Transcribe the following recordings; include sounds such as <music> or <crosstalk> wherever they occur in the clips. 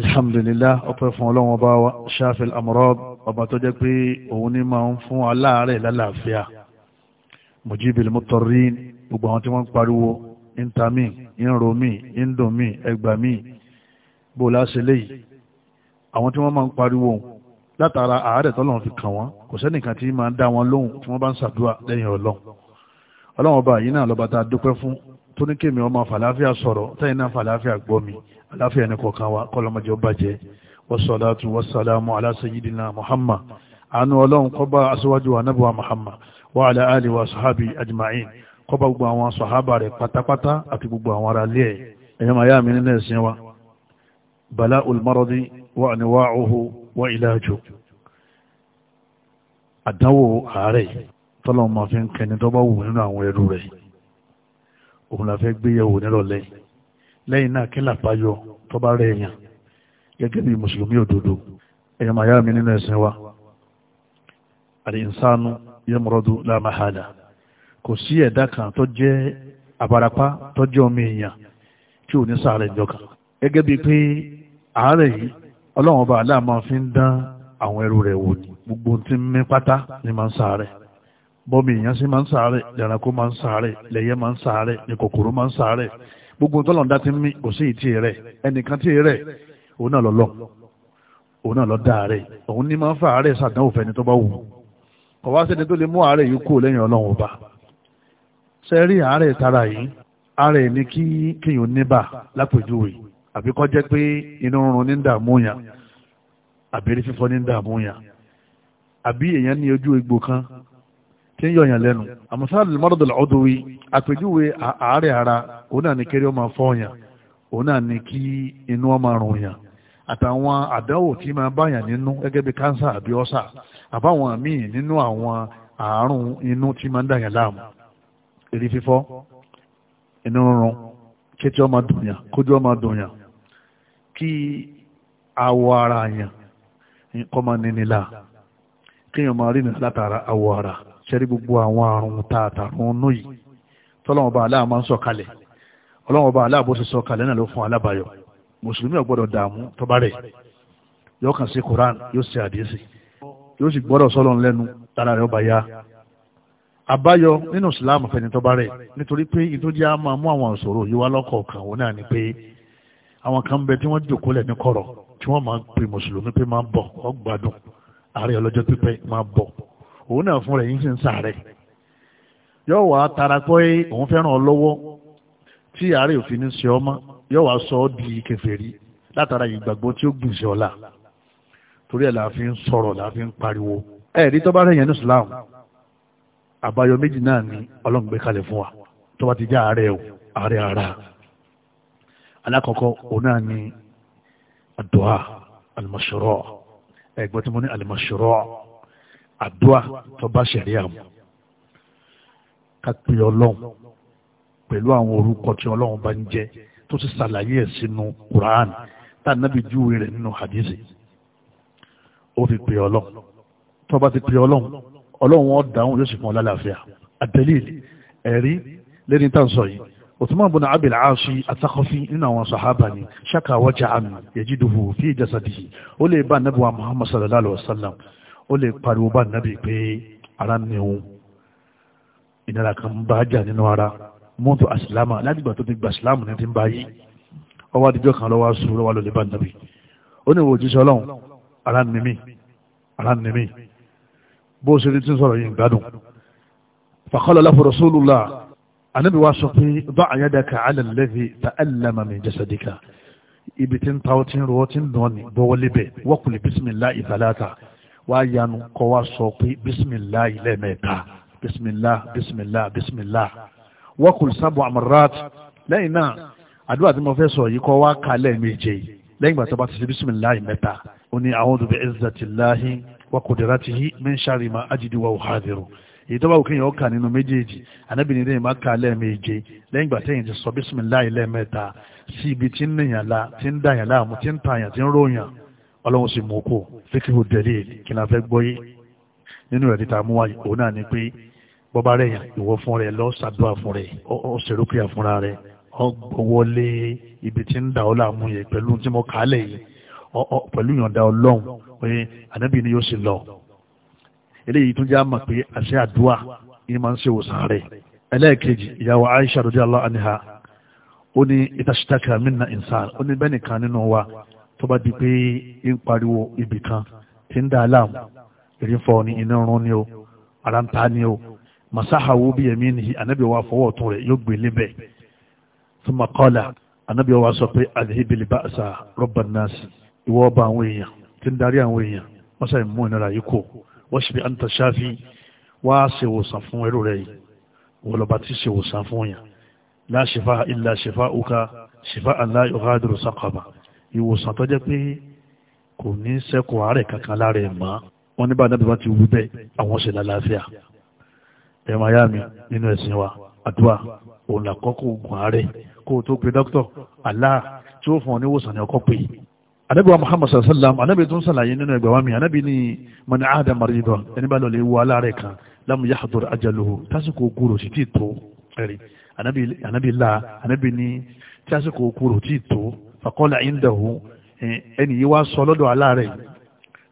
alhamdulillah ọpẹ́ fún ọlọ́run ọba wa ṣáfil amurab ọba tó jẹ́ pé òun ní máa ń fún aláàárẹ̀ lálàáfíà mujibil mutarrin gbogbo àwọn tí wọ́n ń pariwo intami inromi indomi ẹgbàmí bó láṣẹ léyìí àwọn tí wọ́n máa ń pariwo látara àárẹ̀ tọ́lọ́run fi kàn wọ́n kò sẹ́nìkan tí máa ń dá wọn lóhùn tí wọ́n bá ń ṣàdúrà lẹ́yìn ọlọ́run ọlọ́run ọba yìí náà lọ́ba tá a dúpẹ́ fún tó ní kémi ọmọ fàlàáfíà sọ̀rọ̀ tẹ́yìn náà fàlàáfíà gbọ́ mi aláfíà ní kọ̀ọ̀kan wa kọ́lọ́mọjọ bàjẹ́ wasalaatu wasalaamu ala sayyidina muhammad àánú ọlọ́run kọ́bá aṣíwájú anábíwá muhammad wa ala ali wa sahabi ajma'in kọ́bá gbogbo àwọn sahaba rẹ̀ pátápátá àti gbogbo àwọn ará ilé ẹ̀ ẹ̀yàn máa yá mi nínú ẹ̀sìn wa bala ulmarodi wa aniwa'uhu wa ilaaju àdánwò àárẹ̀ tọ́lọ́ máa fi ń kẹni wù nínú àwọn ẹrú rẹ̀ òun la fẹ́ gbéyẹ̀wò nírọ̀lẹ́ lẹ́yìn náà kí làbáyọ tó bá rẹ̀ èèyàn gẹ́gẹ́ bí mùsùlùmí òdodo ẹ̀yàn máa yá mi nínú ẹ̀sìn wa àdìsánu yẹmọ̀rọ̀dù lámàhàdà kò sí ẹ̀dá kan tó jẹ́ àbárapá tó jẹ́ ọmọ èèyàn tí ò ní sàárẹ̀ ìjọka gẹ́gẹ́ bí pé àárẹ̀ yìí ọlọ́run ọba aláàmọ́ fi ń dán àwọn ẹrú rẹ̀ wò ní gbogbo tí ń mí pátá ní máa ń sàárẹ̀ bọ́mí èèyàn sí máa ń sáré lẹ́ranko máa ń sáré lẹ́yẹ máa ń sáré ní kòkòrò máa ń sáré gbogbo tọ́lọ̀dá ti ń mí kò sí ìtì rẹ̀ ẹnìkan tí rẹ̀ òun náà lọ́lọ́ òun náà lọ́ dáa rẹ̀ òun ní máa ń fa àárẹ̀ sàdánwò fẹ́ni tó bá wù kò wá sẹ́ni tó lè mú àárẹ̀ yìí kú lẹ́yìn ọlọ́run ọba ṣe rí àárẹ̀ tara yìí àárẹ̀ ní kí kíyàn níbà lápèjúwe àbí kọ́ jẹ́ pé inú rúnrún ní dààmú yàn àbí eré fífọ́ ní dààmú yàn àbí èèyàn ní ojú egbò kan tí ń yọ̀yàn lẹ́nu àmọ́sáàlì mọ́rọ̀dọ̀lá ọdọ́wí àpèjúwe àárẹ̀ ara òun náà ni kéré ọmọ fọ́ọ̀yàn òun náà ni kí inú ọmọ rùn yàn àtàwọn àdánwò tí máa báyàn nínú gẹ́gẹ́ bí kánsà àbí ọ́sà àbáwọn míì nínú àwọn àárùn inú tí máa ń dàyàn láàmú èrí fífọ́ inú rúnrún kétí ọmọ dùnyàn kójú ọmọ dùnyàn kí awọ ara yàn kọ́ máa nínílà kéèyàn máa rí nílá látara awọ ara ṣẹ́rí gbogbo àwọn àrùn tààtàrùn nú yìí tọ́lọ́wọ́n bá aláà máa ń sọ̀kalẹ̀ ọlọ́wọ́n bá aláà bó ṣe sọ̀kalẹ̀ náà ló fún alábàáyọ̀ mùsùlùmí ọ̀gbọ́dọ̀ dààmú tọ́ba rẹ̀ yóò kàn sí koran yóò ṣe àdéhìsì yóò sì gbọ́dọ̀ sọ́lọ́n lẹ́nu tara rẹ̀ ọba yá àbáyọ nínú islam fẹni tọ́ba rẹ̀ nítorí pé ìtòjá máa mú àwọn ìṣòro yìí wá lọ́kọ̀ọ̀kan òun náà ni pé àwọn kan bẹ tí wọ́n jòkó lẹ̀ ní kọ̀rọ̀ tí wọ́n máa ń pè mùsùlùmí pé máa ń bọ̀ ó gbádùn àárẹ̀ ọlọ́jọ́ òun náà fún rẹ̀ yín sì ń sàárẹ̀ yóò wá tara pé òun fẹ́ràn ọ lọ́wọ́ tí àárẹ̀ òfin ní ṣe ọmọ yóò wá sọ ọ́ di kèfèrí látara ìgbàgbọ́ tí ó gbìn sí ọ̀la torí ẹ̀ la fi ń sọ̀rọ̀ la fi ń pariwo ẹ̀ẹ́dí tó bá rẹ̀ yẹn ní Islam àbáyọ méjì náà ni ọlọ́run gbé kalẹ̀ fún wa tó bá ti já àárẹ̀ o àárẹ̀ ara alákọ̀ọ́kọ́ òun náà ni àdúà al ẹ̀gbọ́n tí mo ní al àdúà tó bá ṣẹ̀ríà mu ká pe ọlọ́run pẹ̀lú àwọn orúkọ tí ọlọ́run bá ń jẹ́ tó ti ṣàlàyé ẹ̀ sínú Quran tá a nábì júwe rẹ̀ nínú hadithi ó fi pe ọlọ́run tó bá ti pe ọlọ́run ọlọ́run ó dáhùn yóò sì fún ọ lálàáfíà àtẹ̀lẹ́ẹ̀lì ẹ̀rí lẹ́ni tá à ń sọ yìí Uthman bin Abil Aasi Atakhafi nínú àwọn sàhábà ni ṣáka wájà àmì yajiduhu fi jasadihi ó lè bá anábìwá Muhammad sallallahu alaihi wa sallam ó lè pariwo bá nàbì pé ara ni òun ìnira kan ń bá jà nínú ara mọ́tò àsìlámà látìgbà tó ti gbà sílámù ní ti ń bá yí ọwọ́ àdìjọ́ kan lọ́wọ́ sùn lọ́wọ́ lọ́lẹ́ bá nàbì ó ní ìwòjú sọ ọlọ́run ara ni mí ara ni mí bó o ṣe ti sọ̀rọ̀ yìí gbádùn fàkọ́lọ́ láfọ rasulullah anabi wa sọ pé bá àyàdàkà alẹ́lẹ́fi ta alẹ́mà mi jasadika ibi tí ń ta ọtí ń rọ ọtí ń dán ni bọ́wọ́lébẹ̀ wọ́kùnlé bísímìlá wá yanu kọ́ wá sọ pé bísímìlá lẹ́ẹ̀mẹ́ta bísímìlá bísímìlá bísímìlá wọ́kùn sábọ̀ àmàrát lẹ́yìn náà àdúrà tí mo fẹ́ sọ yìí kọ́ wá ka lẹ́ẹ̀méje lẹ́yìn ìgbà tó bá ti ṣe bísímìlá mẹ́ta ó ní a'udhu bi izzatillahi wa qudratihi min sharri ma ajidu wa uhadiru èyí tó bá òkè yẹn ó kà nínú méjèèjì anábìnrin lẹ́yìn máa ka lẹ́ẹ̀méje lẹ́yìn ìgbà tẹ́yìn ti sọ bísímìlá lẹ́ẹ̀mẹ́ta sí ibi tí ń nìyàn la ń dàyàn láàmú tí ń tàyàn tí ń ròyàn ọlọ́run sì mú kó fíkìrù dẹ̀lé kí n fẹ́ gbọ́yé nínú rẹ̀ níta mú wáyé òun náà ni pé bọ́bá rẹ̀ yàn ìwọ fún rẹ̀ lọ ṣàdúrà fún rẹ̀ ọ ṣèrúkìá fúnra rẹ̀ ọ gbọ́wọ́lé ibi tí ń dà ọ́ láàmú yẹ pẹ̀lú tí mo kà á lẹ̀ yìí pẹ̀lú ìyọ̀ǹda ọlọ́run pé ànábì ni yóò sì lọ eléyìí tún já mọ̀ pé àṣẹ àdúrà yìí máa ń ṣe òsàn rẹ̀ ẹlẹ́ẹ̀kejì ìyàwó Aisha radiyallahu anha ó ní ìtàṣítàkà mí tó bá di pé ń pariwo ibì kan tí ń dá aláàmù ìrìnfọ́ ni iná rún ni o ara ń ta ni o masahawo bí ẹ̀mí nìyí anábì wa fọwọ́ ọ̀tún rẹ̀ yóò gbé lébẹ̀ e thumma qala anábì wa sọ pé adhibil ba'sa rabban nas ìwọ ọba àwọn èèyàn tí ń darí àwọn èèyàn wọ́n sàì mú ìnira yìí kò washfi anta shafi wá ṣèwòsàn fún ẹrú rẹ̀ yìí wọ́n lọ́ba tí ṣèwòsàn fún yàn la shifa illa shifa'uka shifa'an la yughadiru ìwòsàn tó jẹ́ pé kò ní sẹ́kù àárẹ̀ kankan lára ẹ̀ mọ́ wọ́n ní bá dábìbá ti wú bẹ́ẹ̀ àwọn ṣe lálàáfíà ẹ̀rọ ayá mi nínú ẹ̀sìn wa àdúrà òun làkọ́ kò gùn àárẹ̀ kó o tó pe dókítọ̀ Allah tí ó fún ọ ní ìwòsàn ní pé anabi wa muhammad sallallahu alaihi wasallam anabi tún ṣàlàyé nínú ẹgbẹ́ wa mi anabi ni man aada maridan ẹni bá lọ lè wo aláàrẹ̀ kan lam yahdur ajaluhu tásìkò kúrò sí tí tó ẹ̀rí anabi la anabi ni tásìkò kúrò tí tó fàkọ́lá ìndàhù eh, ẹni yìí wá sọ lọ́dọ̀ aláàrẹ̀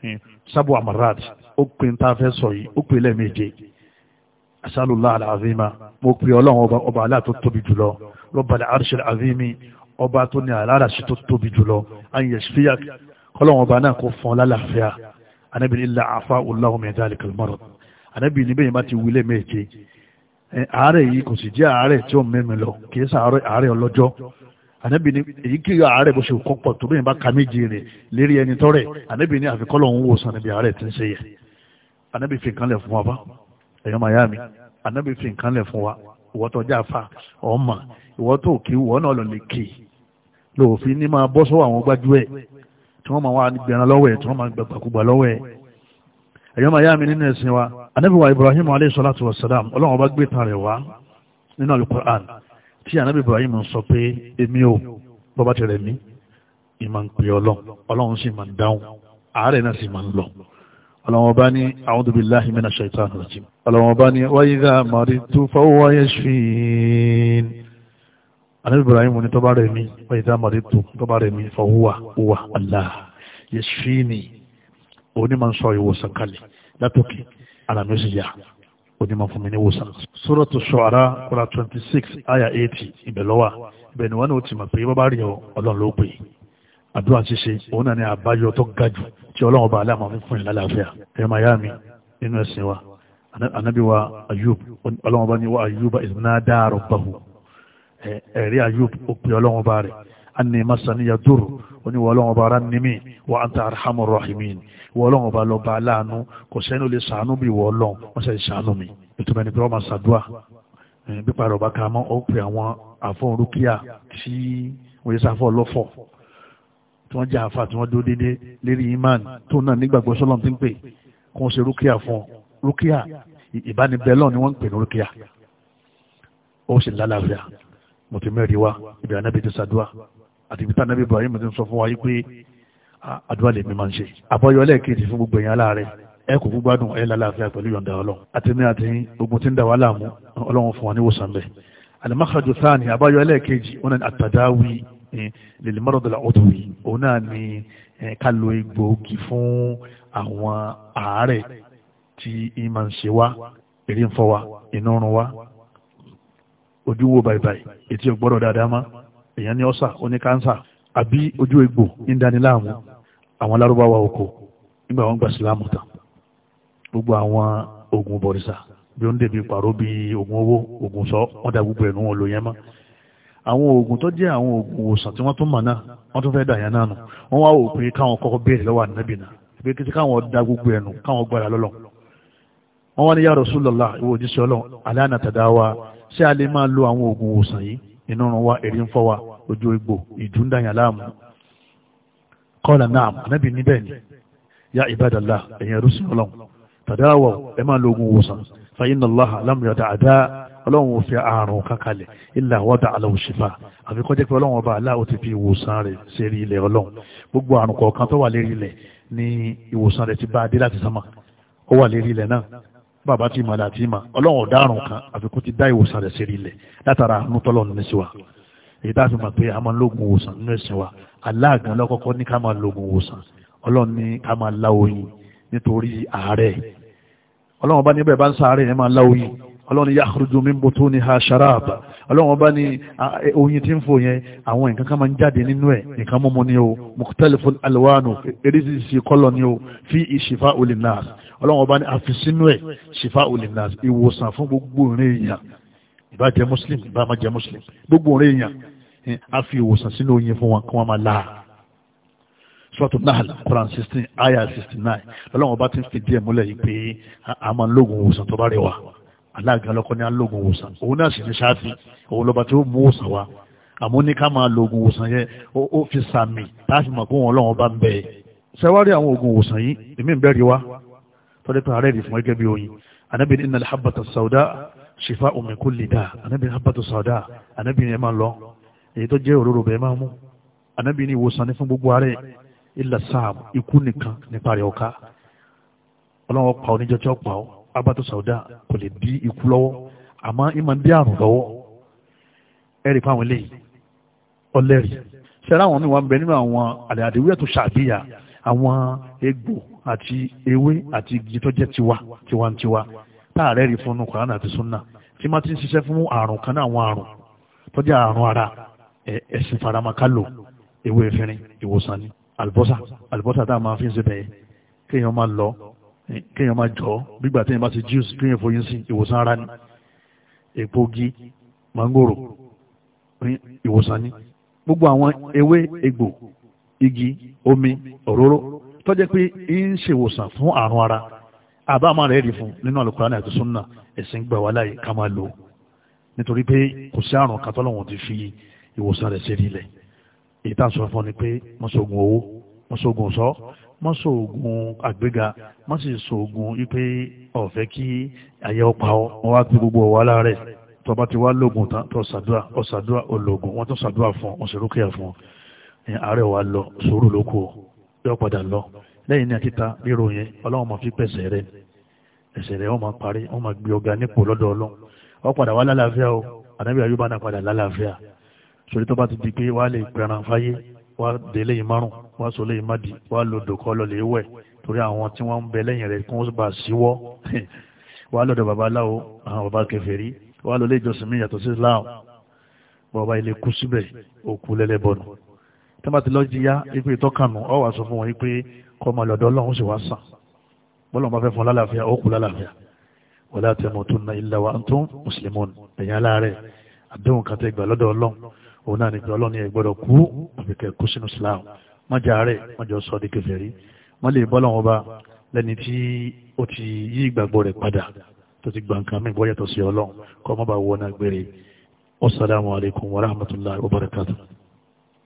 eh, sábò amarat ó pè ń ta fẹ́ sọ yìí ó pè lẹ́ẹ̀méje asálùlá àlàáfíìmá mo pè ọlọ́run ọba ọba aláà tó tóbi jùlọ rọ́bàlá arṣẹ́ àfíìmí ọba tó ní aláàràṣì tó tóbi jùlọ ayé ṣíyà kọ́lọ́run ọba náà kò fọ́n lálàáfíà anábì ilà àfa ọláhùn mẹ́tàlì kìlmọ́rọ̀ anábì níbẹ̀ yìí má ti wílé méje eh, àárẹ̀ yìí kò sì jẹ́ àárẹ̀ tí ó mẹ́mi lọ kì í sàárẹ̀ àárẹ̀ ọlọ́jọ́ ànábì ní èyí kí ààrẹ bó ṣe kọ́pọ̀ tó bẹ́ẹ̀ bá ka méjì rẹ̀ lérí ẹni tọ́rẹ̀ ànábì ní àfikọ́lọ̀ ń wòsàn níbi ààrẹ tí ń ṣe yẹ ànábì fi nǹkan lẹ̀ fún wa bá ẹ̀yọ́ miami ànábì fi nǹkan lẹ̀ fún wa ìwọ́ tó já fa ọmọ ìwọ́ tó kí ìwọ́ náà lọ lè kì í lòfin ní máa bọ́ sọ́wọ́ àwọn gbájú ẹ̀ tí wọ́n máa wá gbẹran lọ́wọ́ ẹ̀ tí wọ́n máa gbàgbàkúgbà lọ́wọ́ ẹ̀ ẹ̀yọ́ miami nínú ẹ̀sìn wa ànábì Ibrahim alayhi salatu wa salam ọlọ́run ọba gbé tan rẹ̀ wá nínú alukur'an tí ànábì Ibrahim sọ pé èmi ò bọ́bá tẹ̀rẹ̀ mí ìmọ̀ ń pè ọlọ́run ọlọ́run sì máa ń dáhùn àárẹ̀ náà sì máa ń lọ ọlọ́run ọba ní a'udhu billahi minash shaitanir rajim ọlọ́run ọba ní wa idha maridtu fahuwa yashfin ànábì Ibrahim ní tọ́ba rẹ̀ mí wa idha maridtu tọ́ba rẹ̀ mí fahuwa huwa Allah yashfini òní máa ń sọ ìwòsàn kalẹ̀ látòkè àlàmísìyà kò ní ma fún mi ní Shu'ara kura twenty six aya eighty ibẹ̀ lọ́wà ibẹ̀ ni wọ́n ní o ti mọ̀ pé bábá rí ọ ọlọ́run ló pè é. àdúrà ṣíṣe òun náà ni àbáyọ tó ga jù tí ọlọ́run ọba aláàmọ́ fi fún ìlàlàáfíà. ẹ̀rọ màyá mi nínú wa anabi wa Ayub ọlọ́run ọba ni wa Ayuba ìsúná dáa rọ̀ bàhù Ayub ó pe ọlọ́run anni masaniya duru oníwọ̀ ọlọ́wọ́n bá ara ní mi wa anta arhamur rahimin wọ́n ọlọ́wọ́n bá lọ bá aláàánú kò sẹ́ni lè sàánú bí wọ́n ọlọ́wọ́n wọ́n sẹ́ni sàánú mi ìtumọ̀ ẹni pé wọ́n máa ṣàdúà bí parọ̀ bá ka ó pe àwọn àfọ̀rúkíà tí wọ́n yẹ sáfọ́ lọ́fọ̀ tí wọ́n jẹ́ àfa tí wọ́n dúró dédé lérí imán tó náà nígbàgbọ́ sọ́lọ́m ti ń pè kó ń ṣe rúkíà fún rúkíà ìbánibẹ́lọ́ ni wọ́n ń pè ní rúkíà ó sì lálàáfíà mùtúmẹ́rì wa ibi ànábì ti ṣàdúà àti peter nabi ibrahim ti sọ fún wa yí pé àdúrà lè mi máa ń ṣe àbọ̀yọlẹ̀ kejì fún gbogbo èèyàn aláàrẹ ẹ kò gbádùn ẹ lálàáfíà pẹ̀lú yọ̀ǹda ọlọ́run àti ní àti ogun tí ń dà wá láàmú ọlọ́run fún wa ní wòsàn bẹ́ẹ̀ alimakaju thani àbọ̀yọlẹ̀ kejì wọn ni àtàdáwì lèlè mọ́rọ̀dọ̀là ọ̀dọ̀wì òun náà ni eh, eh, ká lo egbòogi fún àwọn àárẹ̀ tí ì máa ń ṣe wá èrè ń fọ wa inú rún wa ojú wo bàìbàì ètí èèyàn ní ọ́sà ó ní kánsà àbí ojú egbò ń dání láàmú àwọn lárúbáwá oko nígbà wọn gba sílámù tán gbogbo àwọn oògùn bọ̀rìṣà bí ó ń dèbí pàrọ̀ bí oògùn owó oògùn sọ wọn dà gbogbo ẹ̀nu wọn lò yẹn mọ́ àwọn oògùn tó jẹ́ àwọn oògùn òòsàn tí wọ́n tún mọ̀ náà wọ́n tún fẹ́ dà náà nù wọ́n wá wò pé káwọn kọ́kọ́ béèrè lọ́wọ́ ànábì náà pé káwọn da gbogbo ẹ̀nu káwọn gbára lọ́lọ́ wọ́n wá ní ya Rasulullah ìwọ òjíṣẹ́ Ọlọ́run ṣé a lè máa lo àwọn oògùn òòsàn yìí inú rún wa èrí ń fọ́ wa ojú egbò ìdúndàyàn láàmú kọ́lá náà ànábì níbẹ̀ ni ya ibadallah ẹ̀yìn ẹ̀rú sí ọlọ́run tàdáwọ̀ ẹ máa lo ogun wòsàn fàyínà láhà lámùyàdà àdá ọlọ́run ò fi àrùn kankalẹ̀ ilà wọ́dà aláwòṣìfà àfikọ́ jẹ́ pé ọlọ́run ọba aláà ó ti fi ìwòsàn rẹ̀ sérí ilẹ̀ ọlọ́run gbogbo àrùn kọ̀ọ̀kan tó wà lérí ilẹ̀ ní ìwòsàn rẹ̀ ti bá adé láti sánmà ó wà lérí ilẹ̀ náà bàbá tí màlá tí mà ọlọ́run ọ̀daràn kan àfikún ti dá ìwòsàn rẹ̀ sí ilẹ̀ látara àánú tọ́lọ́run ní sí wa èyí tá a fi mọ̀ pé a máa ń lóògùn ìwòsàn nínú ẹ̀sìn wa aláàgán lọ́kọ́kọ́ ní ká máa lóògùn ìwòsàn ọlọ́run ní ká máa lá oyin nítorí àárẹ̀ ọlọ́run bá níbẹ̀ bá ń sáré ẹ̀ máa lá oyin ọlọ́run yá àrùjù mi bó tó ní ha ṣaráàbà ọlọ́run bá ní e, oyin tí ń fò yẹn àwọn nǹkan kan máa ń jáde nínú ẹ̀ nǹkan mọ́mọ́ ni o mukhtalifun alwanu eréṣiṣi kọ́lọ̀ ni o fi shifa'u linnas ọlọ́run bá ní àfisínú ẹ̀ shifa'u linnas ìwòsàn fún gbogbo òrin èèyàn ìbá jẹ́ muslim ìbá máa jẹ́ muslim gbogbo òrin èèyàn eh, a fi ìwòsàn sínú oyin fún wọn kí wọ́n máa láà sọ́tò Nahl Quran sixteen ayah sixty nine ọlọ́run bá ti ń fìdí múlẹ̀ yìí pé a máa lóògùn ìwòsàn tó bá rẹwà alága lọ́kọ́ ní alógun wòsàn òun náà sì ní sáfì òun lọ́ba tí ó mú wòsàn wa àmọ́ ní ká máa lo oògùn wòsàn yẹn ó fi sàmì láti mọ̀ pé wọn lọ́wọ́n bá ń bẹ ẹ́ sẹ́wárí àwọn oògùn wòsàn yìí èmi ń bẹ́ẹ̀ rí wa tọ́lẹ́ pé ààrẹ rí fún gẹ́gẹ́ bí oyin anábì ní innal habbata sauda shifa min kulli da anábì ní habbata sauda anábì ní ẹ máa lọ èyí tó jẹ́ òróró bẹ́ẹ̀ máa mú anábì ní ìwòsàn ní fún gbogbo ààrẹ illa sam ikú nìkan nípa rẹ̀ ọ̀ka ọlọ́run pa oníjọ́ tí ó pa ọ́ abatu sauda kò lè di ikú lọ́wọ́ àmọ́ ìmọ̀ ń dí àrùn lọ́wọ́ ẹ̀rì fáwọn eléyìí ọlẹ́rì ṣẹlẹ̀ àwọn míì wà ń bẹ nínú àwọn àlẹ́ àdéhùyẹ̀ tó ṣàbíyà àwọn egbò àti ewé àti igi tó jẹ́ tiwa tiwantiwa táàrẹ́ rí fún un Kùránì àti súnà tí má ti ń ṣiṣẹ́ fún àrùn kan náà àwọn àrùn tó jẹ́ àrùn ara ẹ̀sìn faramakálò ewé efirin ìwòsàn ni àlùbọ́sà àlùbọ́sà táà máa fi ń ṣe bẹ́ẹ̀ kéèyàn máa lọ kéèyàn máa jọ gbígbà téèyàn bá ti juice kéèyàn foyín sí ìwòsàn ara ni egbògi mangoro ìwòsàn ni gbogbo àwọn ewé egbò igi omi òróró tọ́jẹ́ pé ń ṣèwòsàn fún àrùn ara àbá máa rẹ̀ rí fún nínú Al-Qur'ani àti súnà ẹ̀sìn gbà wá láyé ká máa lò nítorí pé kò sí àrùn kan tọ́lọ́wọ̀n ti fi ìwòsàn rẹ̀ ṣe rí ilẹ̀ èyí tá à sọ fún ọ ni pé mọ́ṣọ́gun owó mọ́sọ̀gùn sọ mọ́sọ̀gùn àgbéga mọ́sọ̀gùn wípé ọ̀fẹ́ kí ayé ọpa ọ wọ́n wá pé gbogbo ọ̀wá láàrẹ̀ tó bá ti wá lóògùn tán tó ṣàdúrà ọ̀ṣàdúrà olóògùn wọ́n tó ṣàdúrà fún ọ̀ṣẹ̀rúkẹ́yà fún ààrẹ wa lọ sùúrù lóko yóò padà lọ lẹ́yìn ní akíta ríro yẹn ọlọ́run máa fi pẹ̀sẹ̀ rẹ ẹ̀sẹ̀ rẹ wọ́n máa parí wọ́n máa gbé ọ̀gá nípò lọ́dọ̀ ọlọ́run wọ́n padà wá lálàáfíà o ànábì àyùbá náà padà lálàáfíà sórí tó bá ti di pé wàá lè pẹran fáyé wàá délé yìí márùn wá sọ lè má di wá lòdò kọ́ lọ lè wẹ̀ torí àwọn tí wọ́n ń bẹ lẹ́yìn rẹ̀ kó bá síwọ́ <laughs> wá lọ́dọ̀ bàbá aláwo àwọn bàbá kèfèrí wá lọ lé ìjọsìn mi yàtọ̀ sí Islam bàbá ilé kú síbẹ̀ òkú lẹ́lẹ́bọ̀nù tí wọ́n ti lọ jíyá ipe ìtọ́kànù ọ wà sọ fún wọn pé kọ́ ọmọ lọ́dọ̀ ọlọ́run sì wá sàn bọ́lọ̀ bá fẹ́ fún lálàáfíà ó kú lálàáfíà wala tamutunna illa wa antum muslimun ẹ̀yìn aláàárẹ̀ àdéhùn kan tẹ́ gbà lọ́dọ̀ ọlọ́run òun náà ní gbà ọlọ́run ní ẹ gbọ́dọ̀ kú àbíkẹ́ kú sínú Islam mọ́jà rẹ̀ mọ́jọ sọ di kèfèrí wọ́n lè bọ́ lọ́wọ́ bá lẹ́ni tí ó ti yí ìgbàgbọ́ rẹ̀ padà tó ti gba nǹkan mìíràn bọ́yàtọ̀ sí ọlọ́run kọ́ mọ́ bá wọ́n náà gbére wassalamu alaikum warahmatullahi wabarakatuh